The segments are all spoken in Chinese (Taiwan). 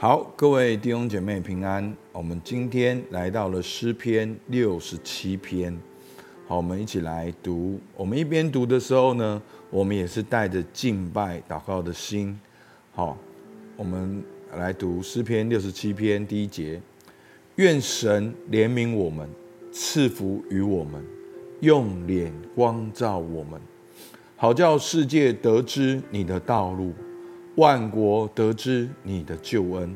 好，各位弟兄姐妹平安。我們今天來到了詩篇六十七篇。好，我們一起來讀。我們一邊讀的時候呢，我們也是帶着敬拜禱告的心。好，我們來讀詩篇六十七篇第一節：願神憐憫我們，賜福與我們，用臉光照我們，好叫世界得知你的道路。萬國得知你的救恩，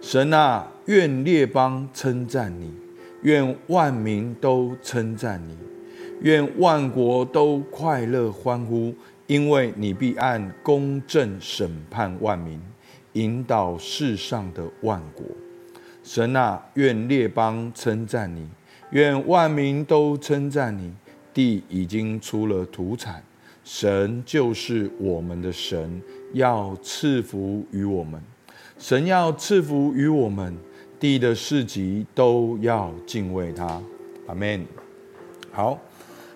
神啊，願列邦稱讚你，願萬民都稱讚你，願萬國都快樂歡呼，因為你必按公正審判萬民，引導世上的萬國。神啊，願列邦稱讚你，願萬民都稱讚你。地已經出了土產，神就是我們的神。要賜福於我們，神要賜福於我們，地的四極都要敬畏他。阿們。好，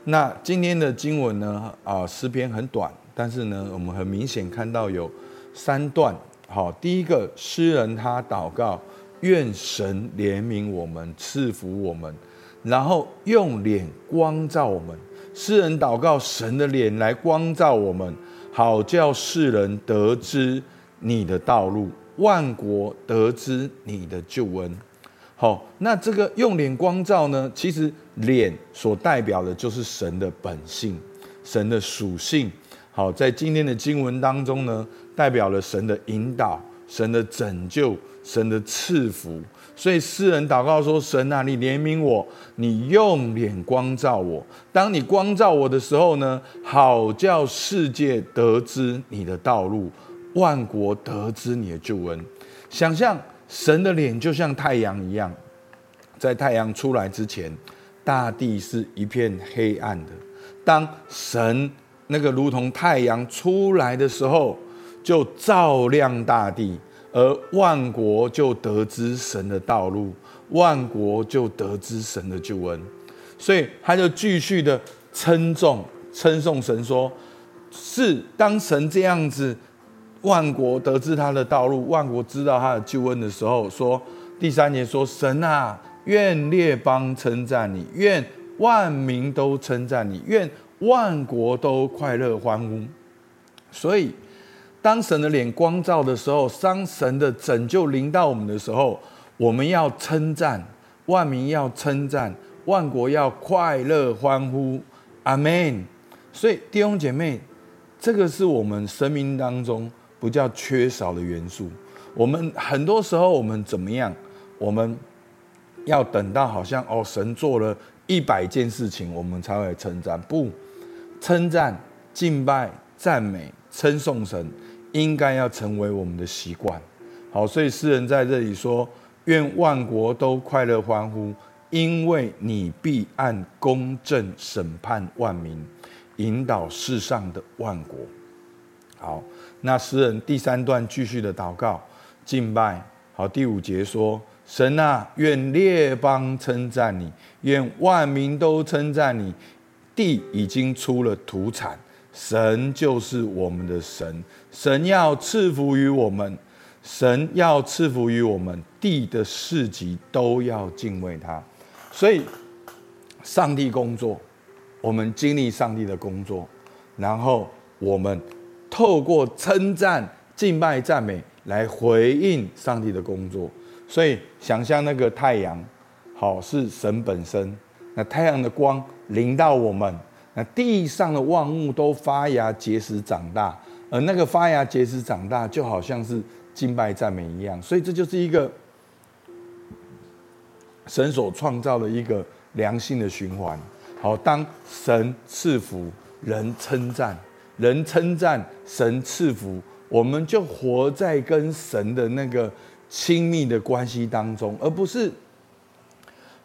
那今天的經文呢？啊，詩篇很短，但是呢，我們很明顯看到有三段。好，第一個，詩人他禱告，願神憐憫我們，賜福我們，然後用臉光照我們。詩人禱告神的臉來光照我們。好叫世人得知你的道路，萬國得知你的救恩。好，那這個用臉光照呢？其實臉所代表的就是神的本性、神的屬性。好，在今天的經文當中呢，代表了神的引導、神的拯救、神的賜福。所以詩人禱告說：“神啊，你憐憫我，你用臉光照我。當你光照我的時候呢，好叫世界得知你的道路，萬國得知你的救恩。想象神的臉就像太陽一樣，在太陽出來之前，大地是一片黑暗的。當神那個如同太陽出來的時候，就照亮大地。”而萬國就得知神的道路，萬國就得知神的救恩，所以他就繼續的稱頌稱頌神，說是當神這樣子，萬國得知他的道路，萬國知道他的救恩的時候，說第三節說神啊，願列邦稱讚你，願萬民都稱讚你，願萬國都快樂歡呼，所以。當神的臉光照的時候，當神的拯救臨到我們的時候，我們要稱讚，萬民要稱讚，萬國要快樂歡呼，阿門。所以弟兄姐妹，這個是我們生命當中不叫缺少的元素。我們很多時候我們怎麼樣？我們要等到好像哦，神做了一百件事情，我們才會稱讚，不稱讚、敬拜、讚美、稱頌神。應該要成為我們的習慣，好，所以詩人在這裡說：願萬國都快樂歡呼，因為你必按公正審判萬民，引導世上的萬國。好，那詩人第三段繼續的禱告敬拜。好，第五節說：神啊，願列邦稱讚你，願萬民都稱讚你。地已經出了土產。神，就是我們的神，神要賜福於我們，神要賜福於我們，地的四極都要敬畏他。所以上帝工作，我們經歷上帝的工作，然後我們透過稱讚、敬拜、讚美來回應上帝的工作。所以，想象那個太陽，好是神本身，那太陽的光臨到我們。那地上的萬物都發芽、結實、長大，而那個發芽、結實、長大就好像是敬拜、讚美一樣。所以這就是一個神所創造的一個良性的循環。好，當神賜福，人稱讚，人稱讚，神賜福，我們就活在跟神的那個親密的關係當中，而不是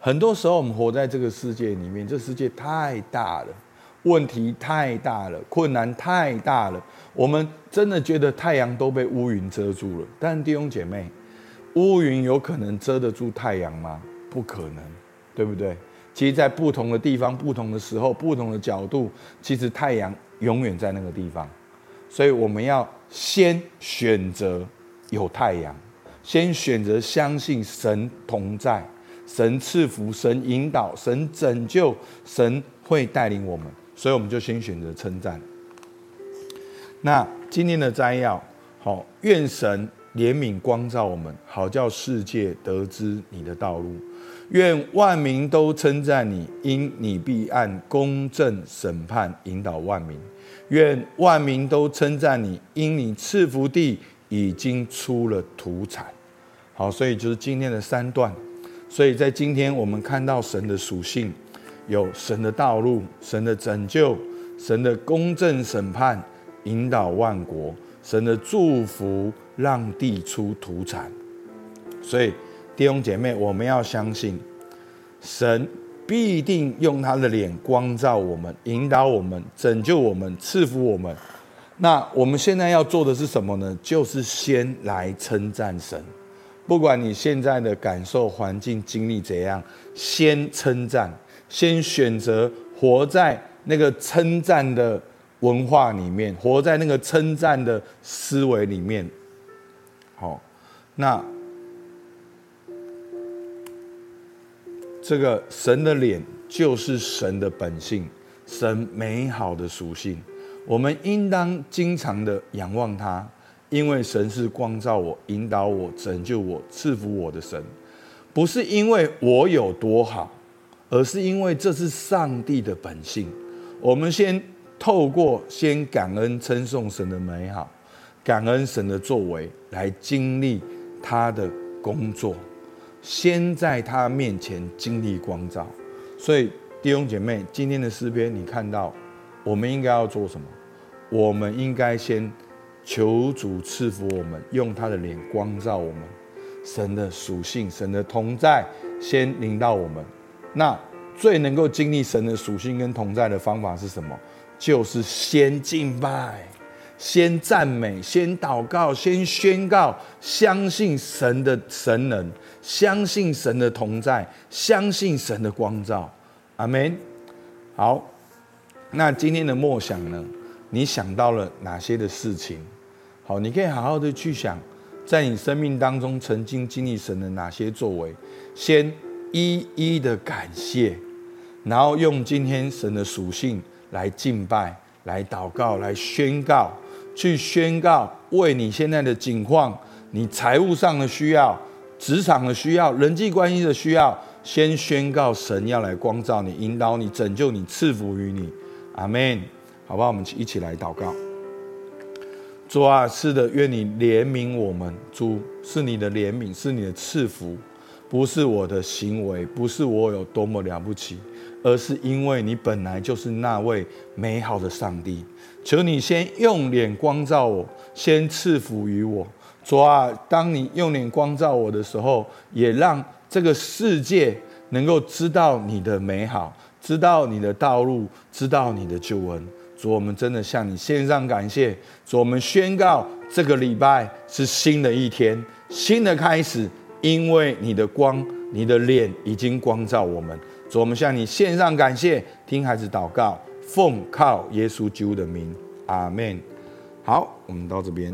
很多時候我們活在這個世界裡面，這世界太大了。問題太大了，困難太大了，我們真的覺得太陽都被烏雲遮住了。但弟兄姐妹，烏雲有可能遮得住太陽嗎？不可能，對不對？其實，在不同的地方、不同的時候、不同的角度，其實太陽永遠在那個地方。所以，我們要先選擇有太陽，先選擇相信神同在，神賜福，神引導，神拯救，神會帶領我們。所以我們就先選擇稱讚。那今天的摘要，好，願神憐憫光照我們，好叫世界得知你的道路。願萬民都稱讚你，因你必按公正審判引導萬民。願萬民都稱讚你，因你賜福地已經出了土產。好，所以就是今天的三段。所以在今天我們看到神的屬性。有神的道路，神的拯救，神的公正審判，引導萬國，神的祝福，讓地出土產。所以弟兄姐妹，我們要相信神必定用他的臉光照我們，引導我們，拯救我們，賜福我們。那我們現在要做的是什麼呢？就是先來稱讚神，不管你現在的感受、環境、經歷怎樣，先稱讚。先選擇活在那個稱讚的文化裡面，活在那個稱讚的思維裡面。好，那這個神的臉就是神的本性，神美好的屬性。我們應當經常的仰望他，因為神是光照我、引導我、拯救我、賜福我的神，不是因為我有多好。而是因為這是上帝的本性，我們先透過先感恩稱頌神的美好，感恩神的作為，來經歷他的工作，先在他面前經歷光照。所以弟兄姐妹，今天的詩篇你看到，我們應該要做什麼？我們應該先求主賜福我們，用他的臉光照我們，神的屬性、神的同在，先臨到我們。那最能夠經歷神的屬性跟同在的方法是什麼？就是先敬拜，先讚美，先禱告，先宣告，相信神的神能，相信神的同在，相信神的光照。阿門。好，那今天的默想呢？你想到了哪些的事情？好，你可以好好的去想，在你生命當中曾經經歷神的哪些作為？先。一一的感謝，然後用今天神的屬性來敬拜、來禱告、來宣告、去宣告，為你現在的境況、你財務上的需要、職場的需要、人際關係的需要，先宣告神要來光照你、引導你、拯救你、賜福於你。阿門，好不好？我們一起，一起來禱告。主啊，是的，願你憐憫我們。主，是你的憐憫，是你的賜福。不是我的行為，不是我有多麼了不起，而是因為你本來就是那位美好的上帝。求你先用臉光照我，先賜福於我。主啊，當你用臉光照我的時候，也讓這個世界能夠知道你的美好，知道你的道路，知道你的救恩。主，我們真的向你獻上感謝。主，我們宣告這個禮拜是新的一天，新的開始。因為你的光，你的臉已經光照我們，所以我們向你獻上感謝，聽孩子禱告，奉靠耶穌基督的名，阿門。好，我們到這邊。